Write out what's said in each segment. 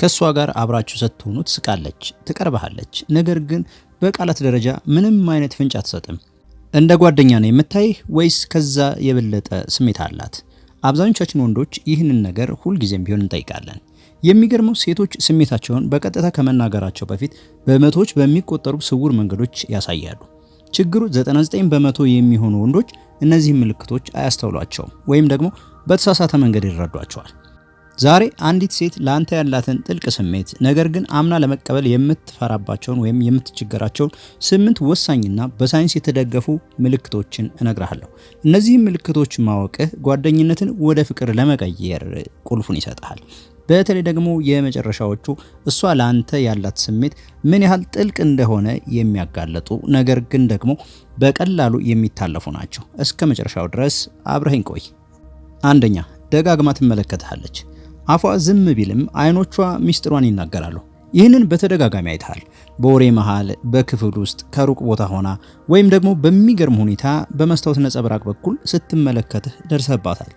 ከእሷ ጋር አብራችሁ ስትሆኑ ትስቃለች፣ ትቀርብሃለች። ነገር ግን በቃላት ደረጃ ምንም አይነት ፍንጭ አትሰጥም። እንደ ጓደኛ ነው የምታይህ ወይስ ከዛ የበለጠ ስሜት አላት? አብዛኞቻችን ወንዶች ይህንን ነገር ሁልጊዜም ቢሆን እንጠይቃለን። የሚገርመው ሴቶች ስሜታቸውን በቀጥታ ከመናገራቸው በፊት በመቶዎች በሚቆጠሩ ስውር መንገዶች ያሳያሉ። ችግሩ 99 በመቶ የሚሆኑ ወንዶች እነዚህ ምልክቶች አያስተውሏቸውም ወይም ደግሞ በተሳሳተ መንገድ ይረዷቸዋል። ዛሬ አንዲት ሴት ለአንተ ያላትን ጥልቅ ስሜት ነገር ግን አምና ለመቀበል የምትፈራባቸውን ወይም የምትቸገራቸውን ስምንት ወሳኝና በሳይንስ የተደገፉ ምልክቶችን እነግርሃለሁ። እነዚህም ምልክቶች ማወቅህ ጓደኝነትን ወደ ፍቅር ለመቀየር ቁልፉን ይሰጥሃል። በተለይ ደግሞ የመጨረሻዎቹ እሷ ለአንተ ያላት ስሜት ምን ያህል ጥልቅ እንደሆነ የሚያጋለጡ ነገር ግን ደግሞ በቀላሉ የሚታለፉ ናቸው። እስከ መጨረሻው ድረስ አብረኸኝ ቆይ። አንደኛ፣ ደጋግማ ትመለከትሃለች። አፏ ዝም ቢልም አይኖቿ ሚስጥሯን ይናገራሉ። ይህንን በተደጋጋሚ አይተሃል። በወሬ መሃል፣ በክፍል ውስጥ፣ ከሩቅ ቦታ ሆና ወይም ደግሞ በሚገርም ሁኔታ በመስታወት ነጸብራቅ በኩል ስትመለከትህ ደርሰባታል።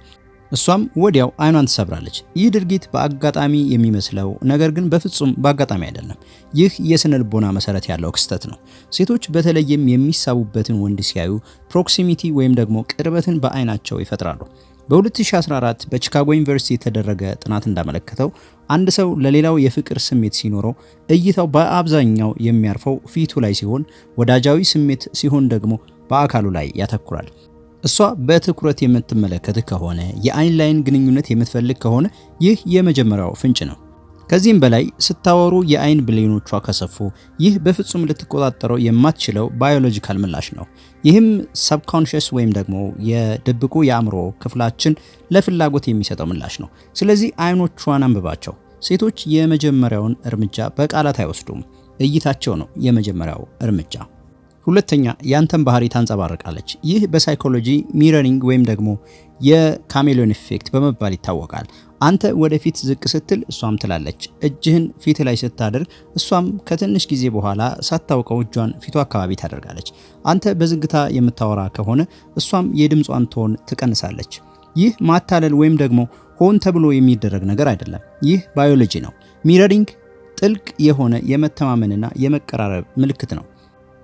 እሷም ወዲያው አይኗን ትሰብራለች። ይህ ድርጊት በአጋጣሚ የሚመስለው ነገር ግን በፍጹም በአጋጣሚ አይደለም። ይህ የስነ ልቦና መሰረት ያለው ክስተት ነው። ሴቶች በተለይም የሚሳቡበትን ወንድ ሲያዩ ፕሮክሲሚቲ ወይም ደግሞ ቅርበትን በአይናቸው ይፈጥራሉ። በ2014 በቺካጎ ዩኒቨርሲቲ የተደረገ ጥናት እንዳመለከተው አንድ ሰው ለሌላው የፍቅር ስሜት ሲኖረው እይታው በአብዛኛው የሚያርፈው ፊቱ ላይ ሲሆን፣ ወዳጃዊ ስሜት ሲሆን ደግሞ በአካሉ ላይ ያተኩራል። እሷ በትኩረት የምትመለከት ከሆነ የአይን ላይን ግንኙነት የምትፈልግ ከሆነ ይህ የመጀመሪያው ፍንጭ ነው። ከዚህም በላይ ስታወሩ የአይን ብሌኖቿ ከሰፉ፣ ይህ በፍጹም ልትቆጣጠረው የማትችለው ባዮሎጂካል ምላሽ ነው። ይህም ሰብኮንሽስ ወይም ደግሞ የድብቁ የአእምሮ ክፍላችን ለፍላጎት የሚሰጠው ምላሽ ነው። ስለዚህ አይኖቿን አንብባቸው። ሴቶች የመጀመሪያውን እርምጃ በቃላት አይወስዱም፣ እይታቸው ነው የመጀመሪያው እርምጃ። ሁለተኛ፣ ያንተን ባህሪ ታንጸባርቃለች። ይህ በሳይኮሎጂ ሚረሪንግ ወይም ደግሞ የካሜሎን ኢፌክት በመባል ይታወቃል። አንተ ወደፊት ዝቅ ስትል እሷም ትላለች። እጅህን ፊት ላይ ስታደርግ እሷም ከትንሽ ጊዜ በኋላ ሳታውቀው እጇን ፊቱ አካባቢ ታደርጋለች። አንተ በዝግታ የምታወራ ከሆነ እሷም የድምጿን ቶን ትቀንሳለች። ይህ ማታለል ወይም ደግሞ ሆን ተብሎ የሚደረግ ነገር አይደለም። ይህ ባዮሎጂ ነው። ሚረሪንግ ጥልቅ የሆነ የመተማመንና የመቀራረብ ምልክት ነው።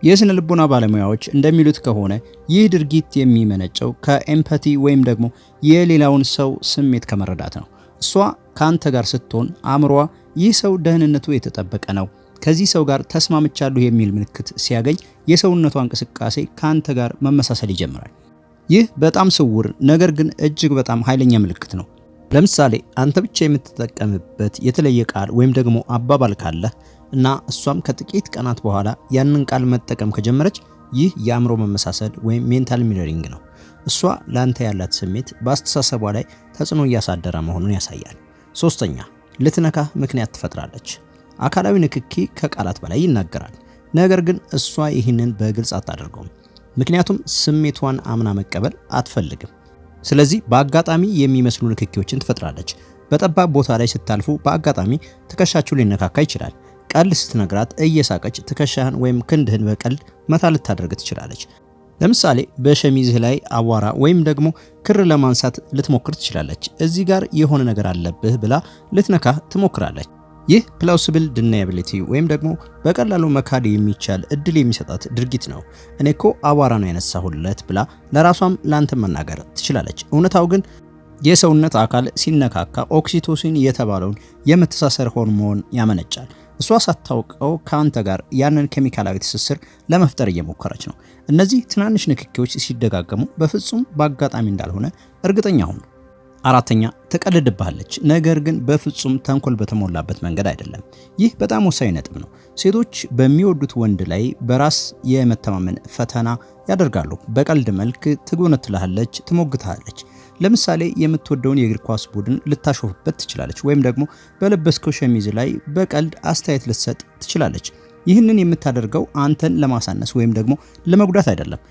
የስነ ልቦና ባለሙያዎች እንደሚሉት ከሆነ ይህ ድርጊት የሚመነጨው ከኤምፓቲ ወይም ደግሞ የሌላውን ሰው ስሜት ከመረዳት ነው። እሷ ከአንተ ጋር ስትሆን አምሯ ይህ ሰው ደህንነቱ የተጠበቀ ነው፣ ከዚህ ሰው ጋር ተስማምቻለሁ የሚል ምልክት ሲያገኝ የሰውነቷ እንቅስቃሴ ከአንተ ጋር መመሳሰል ይጀምራል። ይህ በጣም ስውር ነገር ግን እጅግ በጣም ኃይለኛ ምልክት ነው። ለምሳሌ አንተ ብቻ የምትጠቀምበት የተለየ ቃል ወይም ደግሞ አባባል ካለ እና እሷም ከጥቂት ቀናት በኋላ ያንን ቃል መጠቀም ከጀመረች ይህ የአእምሮ መመሳሰል ወይም ሜንታል ሚረሪንግ ነው። እሷ ለአንተ ያላት ስሜት በአስተሳሰቧ ላይ ተጽዕኖ እያሳደረ መሆኑን ያሳያል። ሶስተኛ ልትነካህ ምክንያት ትፈጥራለች። አካላዊ ንክኪ ከቃላት በላይ ይናገራል። ነገር ግን እሷ ይህንን በግልጽ አታደርገውም፣ ምክንያቱም ስሜቷን አምና መቀበል አትፈልግም። ስለዚህ በአጋጣሚ የሚመስሉ ንክኪዎችን ትፈጥራለች። በጠባብ ቦታ ላይ ስታልፉ በአጋጣሚ ትከሻችሁ ሊነካካ ይችላል። ቀልድ ስትነግራት እየሳቀች ትከሻህን ወይም ክንድህን በቀልድ መታ ልታደርግ ትችላለች። ለምሳሌ በሸሚዝህ ላይ አቧራ ወይም ደግሞ ክር ለማንሳት ልትሞክር ትችላለች። እዚህ ጋር የሆነ ነገር አለብህ ብላ ልትነካህ ትሞክራለች። ይህ ፕላውስብል ድናያብሊቲ ወይም ደግሞ በቀላሉ መካድ የሚቻል እድል የሚሰጣት ድርጊት ነው። እኔ እኮ አቧራ ነው ያነሳሁለት ብላ ለራሷም ለአንተ መናገር ትችላለች። እውነታው ግን የሰውነት አካል ሲነካካ ኦክሲቶሲን የተባለውን የመተሳሰር ሆርሞን ያመነጫል። እሷ ሳታውቀው ከአንተ ጋር ያንን ኬሚካላዊ ትስስር ለመፍጠር እየሞከረች ነው። እነዚህ ትናንሽ ንክኪዎች ሲደጋገሙ በፍጹም በአጋጣሚ እንዳልሆነ እርግጠኛ ሁኑ። አራተኛ ትቀልድብሃለች፣ ነገር ግን በፍጹም ተንኮል በተሞላበት መንገድ አይደለም። ይህ በጣም ወሳኝ ነጥብ ነው። ሴቶች በሚወዱት ወንድ ላይ በራስ የመተማመን ፈተና ያደርጋሉ። በቀልድ መልክ ትጎነትልሃለች፣ ትሞግትሃለች። ለምሳሌ የምትወደውን የእግር ኳስ ቡድን ልታሾፍበት ትችላለች፣ ወይም ደግሞ በለበስከው ሸሚዝ ላይ በቀልድ አስተያየት ልትሰጥ ትችላለች። ይህንን የምታደርገው አንተን ለማሳነስ ወይም ደግሞ ለመጉዳት አይደለም።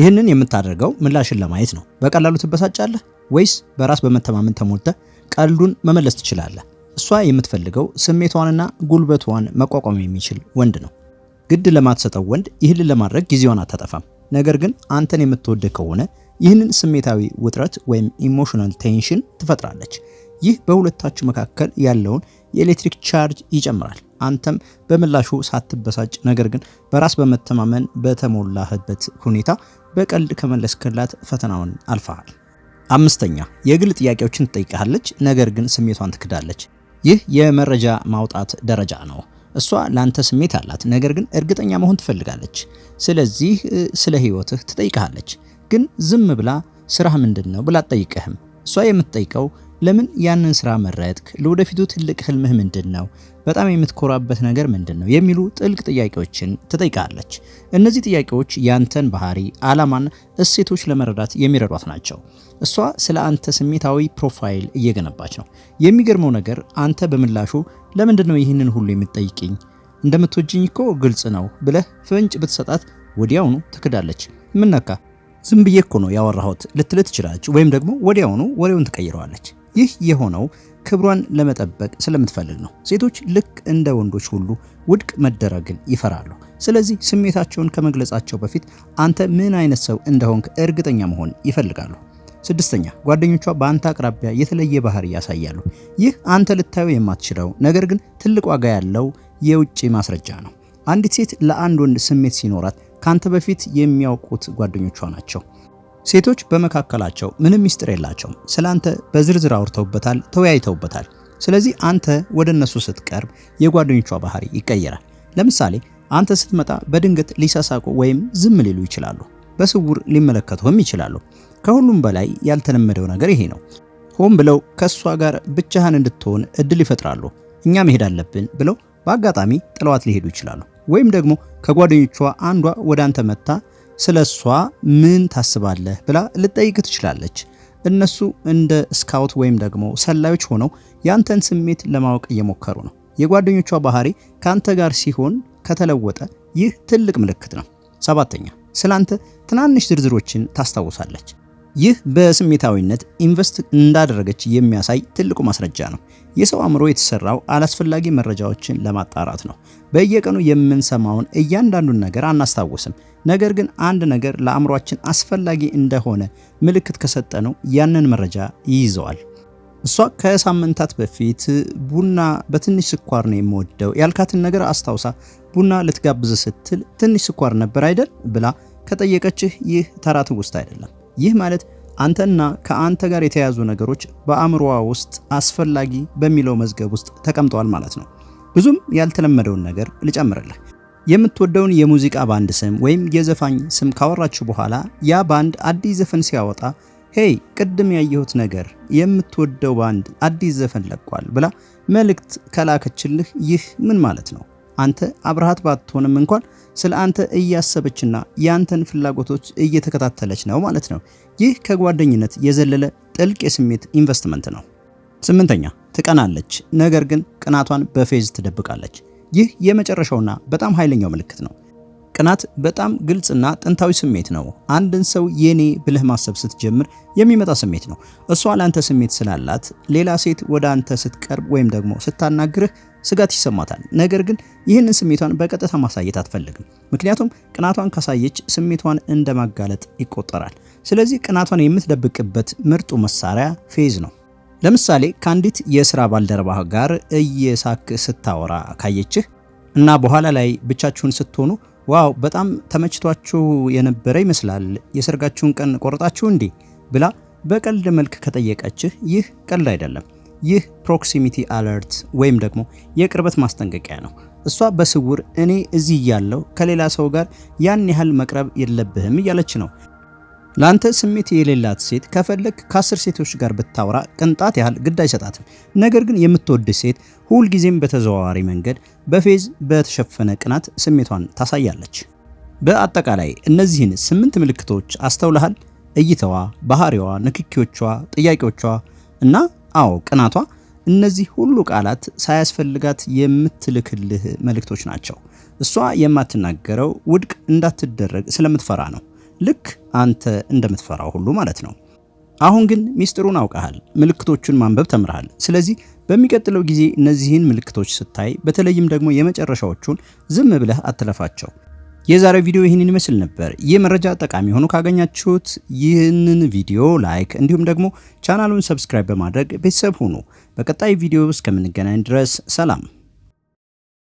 ይህንን የምታደርገው ምላሽን ለማየት ነው። በቀላሉ ትበሳጫለህ ወይስ በራስ በመተማመን ተሞልተ ቀልዱን መመለስ ትችላለህ? እሷ የምትፈልገው ስሜቷንና ጉልበቷን መቋቋም የሚችል ወንድ ነው። ግድ ለማትሰጠው ወንድ ይህንን ለማድረግ ጊዜዋን አታጠፋም። ነገር ግን አንተን የምትወድ ከሆነ ይህንን ስሜታዊ ውጥረት ወይም ኢሞሽናል ቴንሽን ትፈጥራለች። ይህ በሁለታችሁ መካከል ያለውን የኤሌክትሪክ ቻርጅ ይጨምራል። አንተም በምላሹ ሳትበሳጭ፣ ነገር ግን በራስ በመተማመን በተሞላህበት ሁኔታ በቀልድ ከመለስክላት ፈተናውን አልፈሃል። አምስተኛ የግል ጥያቄዎችን ትጠይቅሃለች፣ ነገር ግን ስሜቷን ትክዳለች። ይህ የመረጃ ማውጣት ደረጃ ነው። እሷ ላንተ ስሜት አላት፣ ነገር ግን እርግጠኛ መሆን ትፈልጋለች። ስለዚህ ስለ ህይወትህ ትጠይቀሃለች፣ ግን ዝም ብላ ስራህ ምንድን ነው ብላ አትጠይቅህም። እሷ የምትጠይቀው ለምን ያንን ስራ መረጥክ? ለወደፊቱ ትልቅ ህልምህ ምንድን ነው? በጣም የምትኮራበት ነገር ምንድን ነው? የሚሉ ጥልቅ ጥያቄዎችን ትጠይቃለች። እነዚህ ጥያቄዎች ያንተን ባህሪ፣ አላማና እሴቶች ለመረዳት የሚረዷት ናቸው። እሷ ስለ አንተ ስሜታዊ ፕሮፋይል እየገነባች ነው። የሚገርመው ነገር አንተ በምላሹ ለምንድን ነው ይህንን ሁሉ የምትጠይቅኝ? እንደምትወጅኝ እኮ ግልጽ ነው ብለህ ፍንጭ ብትሰጣት ወዲያውኑ ትክዳለች። ምነካ ዝም ብዬ እኮ ነው ያወራሁት ልትል ትችላለች። ወይም ደግሞ ወዲያውኑ ወሬውን ትቀይረዋለች። ይህ የሆነው ክብሯን ለመጠበቅ ስለምትፈልግ ነው። ሴቶች ልክ እንደ ወንዶች ሁሉ ውድቅ መደረግን ይፈራሉ። ስለዚህ ስሜታቸውን ከመግለጻቸው በፊት አንተ ምን አይነት ሰው እንደሆንክ እርግጠኛ መሆን ይፈልጋሉ። ስድስተኛ፣ ጓደኞቿ በአንተ አቅራቢያ የተለየ ባህሪ ያሳያሉ። ይህ አንተ ልታዩ የማትችለው ነገር ግን ትልቅ ዋጋ ያለው የውጭ ማስረጃ ነው። አንዲት ሴት ለአንድ ወንድ ስሜት ሲኖራት ከአንተ በፊት የሚያውቁት ጓደኞቿ ናቸው። ሴቶች በመካከላቸው ምንም ሚስጥር የላቸውም። ስለ አንተ በዝርዝር አውርተውበታል፣ ተወያይተውበታል። ስለዚህ አንተ ወደ እነሱ ስትቀርብ የጓደኞቿ ባህሪ ይቀየራል። ለምሳሌ አንተ ስትመጣ በድንገት ሊሳሳቁ ወይም ዝም ሊሉ ይችላሉ። በስውር ሊመለከቱህም ይችላሉ። ከሁሉም በላይ ያልተለመደው ነገር ይሄ ነው። ሆን ብለው ከእሷ ጋር ብቻህን እንድትሆን እድል ይፈጥራሉ። እኛ መሄድ አለብን ብለው በአጋጣሚ ጥለዋት ሊሄዱ ይችላሉ። ወይም ደግሞ ከጓደኞቿ አንዷ ወደ አንተ መጥታ ስለ እሷ ምን ታስባለህ ብላ ልጠይቅ ትችላለች። እነሱ እንደ ስካውት ወይም ደግሞ ሰላዮች ሆነው ያንተን ስሜት ለማወቅ እየሞከሩ ነው። የጓደኞቿ ባህሪ ከአንተ ጋር ሲሆን ከተለወጠ ይህ ትልቅ ምልክት ነው። ሰባተኛ አንተ ትናንሽ ዝርዝሮችን ታስታውሳለች። ይህ በስሜታዊነት ኢንቨስት እንዳደረገች የሚያሳይ ትልቁ ማስረጃ ነው። የሰው አእምሮ የተሰራው አላስፈላጊ መረጃዎችን ለማጣራት ነው። በየቀኑ የምንሰማውን እያንዳንዱን ነገር አናስታውስም። ነገር ግን አንድ ነገር ለአእምሯችን አስፈላጊ እንደሆነ ምልክት ከሰጠነው ያንን መረጃ ይይዘዋል። እሷ ከሳምንታት በፊት ቡና በትንሽ ስኳር ነው የምወደው ያልካትን ነገር አስታውሳ ቡና ልትጋብዝ ስትል ትንሽ ስኳር ነበር አይደል ብላ ከጠየቀችህ ይህ ተራ ትውስታ አይደለም። ይህ ማለት አንተና ከአንተ ጋር የተያዙ ነገሮች በአእምሮዋ ውስጥ አስፈላጊ በሚለው መዝገብ ውስጥ ተቀምጠዋል ማለት ነው። ብዙም ያልተለመደውን ነገር ልጨምርልህ። የምትወደውን የሙዚቃ ባንድ ስም ወይም የዘፋኝ ስም ካወራችሁ በኋላ ያ ባንድ አዲስ ዘፈን ሲያወጣ ሄይ ቅድም ያየሁት ነገር የምትወደው ባንድ አዲስ ዘፈን ለቋል ብላ መልእክት ከላከችልህ ይህ ምን ማለት ነው? አንተ አብርሃት ባትሆንም እንኳን ስለ አንተ እያሰበችና ያንተን ፍላጎቶች እየተከታተለች ነው ማለት ነው። ይህ ከጓደኝነት የዘለለ ጥልቅ የስሜት ኢንቨስትመንት ነው። ስምንተኛ ትቀናለች፣ ነገር ግን ቅናቷን በፌዝ ትደብቃለች። ይህ የመጨረሻውና በጣም ኃይለኛው ምልክት ነው። ቅናት በጣም ግልጽና ጥንታዊ ስሜት ነው። አንድን ሰው የኔ ብለህ ማሰብ ስትጀምር የሚመጣ ስሜት ነው። እሷ ለአንተ ስሜት ስላላት ሌላ ሴት ወደ አንተ ስትቀርብ ወይም ደግሞ ስታናግርህ ስጋት ይሰማታል። ነገር ግን ይህንን ስሜቷን በቀጥታ ማሳየት አትፈልግም፣ ምክንያቱም ቅናቷን ካሳየች ስሜቷን እንደማጋለጥ ይቆጠራል። ስለዚህ ቅናቷን የምትደብቅበት ምርጡ መሳሪያ ፌዝ ነው። ለምሳሌ ከአንዲት የስራ ባልደረባህ ጋር እየሳክ ስታወራ ካየችህ እና በኋላ ላይ ብቻችሁን ስትሆኑ ዋው በጣም ተመችቷችሁ የነበረ ይመስላል የሰርጋችሁን ቀን ቆርጣችሁ እንዴ ብላ በቀልድ መልክ ከጠየቀችህ ይህ ቀልድ አይደለም። ይህ ፕሮክሲሚቲ አለርት ወይም ደግሞ የቅርበት ማስጠንቀቂያ ነው። እሷ በስውር እኔ እዚህ እያለሁ ከሌላ ሰው ጋር ያን ያህል መቅረብ የለብህም እያለች ነው። ለአንተ ስሜት የሌላት ሴት ከፈለግ ከአስር ሴቶች ጋር ብታወራ ቅንጣት ያህል ግድ አይሰጣትም። ነገር ግን የምትወድ ሴት ሁልጊዜም በተዘዋዋሪ መንገድ በፌዝ በተሸፈነ ቅናት ስሜቷን ታሳያለች። በአጠቃላይ እነዚህን ስምንት ምልክቶች አስተውለሃል? እይታዋ፣ ባህሪዋ፣ ንክኪዎቿ፣ ጥያቄዎቿ እና አዎ ቅናቷ። እነዚህ ሁሉ ቃላት ሳያስፈልጋት የምትልክልህ መልእክቶች ናቸው። እሷ የማትናገረው ውድቅ እንዳትደረግ ስለምትፈራ ነው። ልክ አንተ እንደምትፈራው ሁሉ ማለት ነው። አሁን ግን ሚስጥሩን አውቀሃል፣ ምልክቶቹን ማንበብ ተምረሃል። ስለዚህ በሚቀጥለው ጊዜ እነዚህን ምልክቶች ስታይ፣ በተለይም ደግሞ የመጨረሻዎቹን ዝም ብለህ አትለፋቸው። የዛሬው ቪዲዮ ይህንን ይመስል ነበር። ይህ መረጃ ጠቃሚ ሆኖ ካገኛችሁት ይህንን ቪዲዮ ላይክ፣ እንዲሁም ደግሞ ቻናሉን ሰብስክራይብ በማድረግ ቤተሰብ ሁኑ። በቀጣይ ቪዲዮ እስከምንገናኝ ድረስ ሰላም።